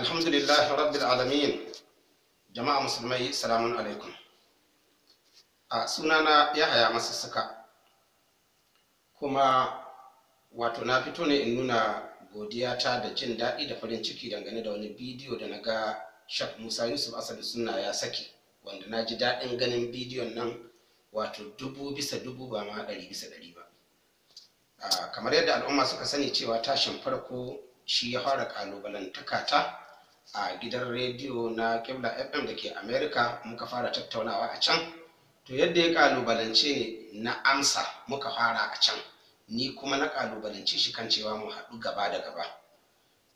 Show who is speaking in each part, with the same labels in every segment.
Speaker 1: alhamdulillahi rabbil alamin jama'a musulmai salamun alaikum a sunana yahaya masussuka kuma wato na fito ne in nuna godiyata da jin daɗi da farin ciki dangane da wani bidiyo da na ga shak musa yusuf asali suna ya saki wanda na ji daɗin ganin bidiyon nan wato dubu bisa dubu ba ma ɗari bisa ɗari ba kamar yadda al'umma suka sani cewa tashin farko shi ya fara ƙalubalantaka ta a gidan rediyo na Kibla fm da ke america muka fara tattaunawa a can to yadda ya kalubalance na amsa muka fara a can ni kuma na kalubalance shi kan cewa mu haɗu gaba da gaba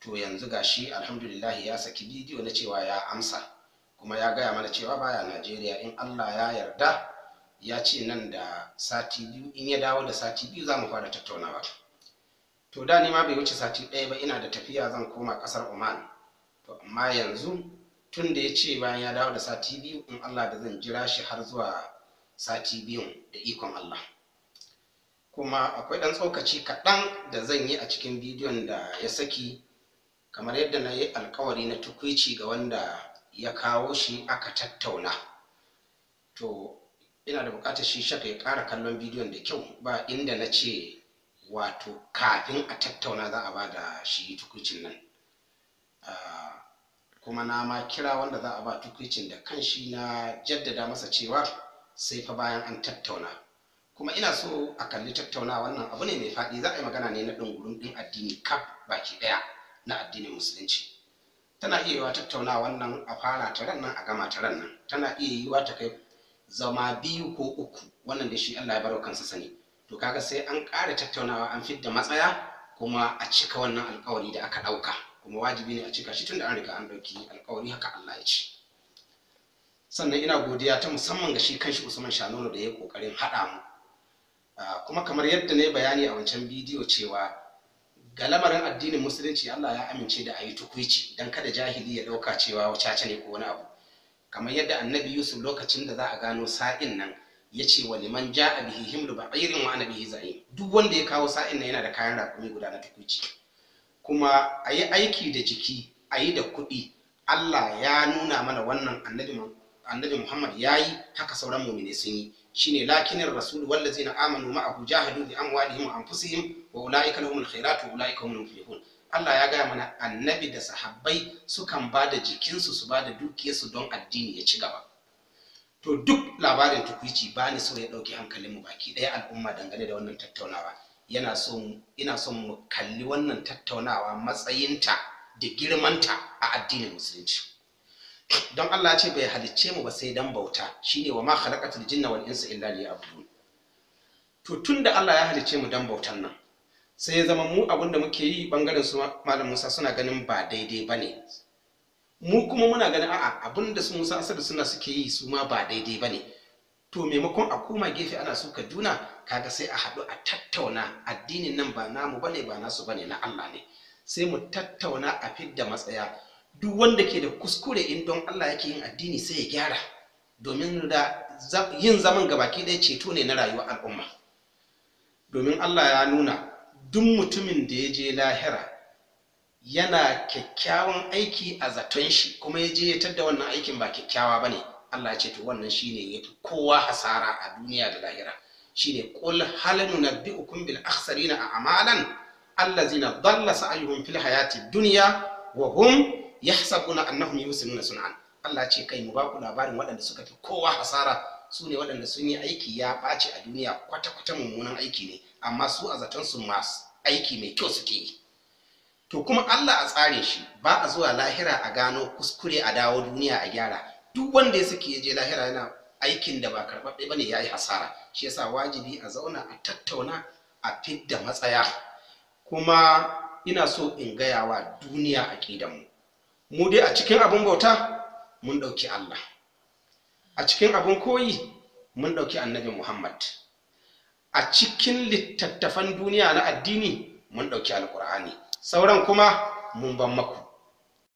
Speaker 1: to yanzu ga shi alhamdulillah ya saki bidiyo na cewa ya amsa kuma ya gaya mana cewa baya najeriya in allah ya yarda ya ce nan da sati biyu in ya dawo da sati biyu za mu fara tattaunawa to da ni ma bai wuce sati ɗaya ba ina da tafiya zan koma ƙasar oman to amma yanzu tun da ya ce bayan ya dawo da sati biyu in Allah da zan jira shi har zuwa sati biyun da ikon Allah kuma akwai ɗan tsokaci kaɗan da zan yi a cikin bidiyon da ya saki kamar yadda na yi alkawari na tukwici ga wanda ya kawo shi aka tattauna to ina da bukatar shi shaka ya ƙara kallon bidiyon da kyau ba inda na ce wato kafin a tattauna za a ba da shi tukwicin nan Ah, kuma na ma kira wanda za a ba tukwicin da kanshi na jaddada masa cewa sai fa bayan an tattauna kuma ina so a kalli tattauna wannan abu ne mai faɗi za a yi magana ne na ɗungurin ɗin addini kaf baki ɗaya na addinin musulunci tana iya yiwa tattauna wannan a fara ta ran nan a gama ta ran nan tana iya yiwa ta kai zama biyu ko uku wannan da shi Allah ya bar kansa sani to kaga sai an ƙara tattaunawa an fidda matsaya kuma a cika wannan alƙawari da aka ɗauka. kuma wajibi ne a cika shi tunda an riga an ɗauki alkawari haka Allah ya ce sannan ina godiya ta musamman ga shi kan shi Usman Shanono da ya kokarin haɗa mu ah, kuma kamar yadda na yi bayani a wancan bidiyo cewa ga lamarin addinin musulunci Allah ya amince da a yi tukuici don kada jahili ya ɗauka cewa wacace ne ko wani abu kamar yadda annabi yusuf lokacin da za a gano sa'in nan ya ce wa liman ja'a bihi himlu ba'irin wa ana zai duk wanda ya kawo sa'in nan yana da kayan rakumi guda na tukuici kuma a yi aiki da jiki a yi da kuɗi Allah ya nuna mana wannan annabi Muhammad ya yi haka sauran mumine sun yi shine lakinin rasul wallazina amanu ma'ahu jahadu bi amwalihim wa anfusihim wa ulaika lahumul khairatu wa ulaika humul Allah ya gaya mana annabi da sahabbai sukan ba da jikinsu su ba da dukiyarsu don addini ya ci gaba to duk labarin tukwici ba ni so ya ɗauki hankalinmu baki ɗaya al'umma dangane da wannan tattaunawa yana son ina son mu kalli wannan tattaunawa matsayinta da girmanta a addinin musulunci don Allah ya ce bai halicce mu ba sai dan bauta shine wa ma khalaqatul jinna wal insa illa liya'budun to tunda Allah ya halicce mu dan bautan nan sai ya zama mu abinda muke yi bangaren su malam Musa suna ganin ba daidai bane mu kuma muna ganin a'a abinda su Musa asali suna suke yi su ma ba daidai bane to maimakon a koma gefe ana suka juna kaga sai a haɗu a tattauna addinin nan ba namu bane ba nasu bane na Allah ne sai mu tattauna a fidda matsaya duk wanda ke da kuskure in don Allah yake yin addini sai ya gyara domin da yin zaman gabaki ɗaya ceto ne na rayuwar al'umma domin Allah ya nuna duk mutumin da ya je lahira yana kyakkyawan aiki a zaton shi kuma ya je ya tadda wannan aikin ba kyakkyawa ba Allah ya ce to wannan shine ya fi kowa hasara a duniya da lahira shine qul hal nunabbi'ukum bil akhsarina a'malan allazina dalla sa'yuhum fil hayati dunya wa hum yahsabuna annahum suna sun'an Allah ce kai mu ba ku labarin waɗanda suka fi kowa hasara su ne waɗanda sun yi aiki ya ɓace a duniya kwata-kwata mummunan aiki ne amma su a zaton su masu aiki mai kyau suke yi to kuma Allah a tsare shi ba a zuwa lahira a gano kuskure a dawo duniya a gyara duk wanda ya suke je lahira yana aikin da ba karɓaɓɓe ba ne ya yi hasara shi yasa wajibi a zauna a tattauna a fidda matsaya kuma ina so in gaya wa duniya a ƙidanmu mu dai a cikin abin bauta mun ɗauki Allah a cikin abin koyi mun ɗauki annabi Muhammad a cikin littattafan duniya na addini mun ɗauki alƙur'ani sauran kuma mun ban maku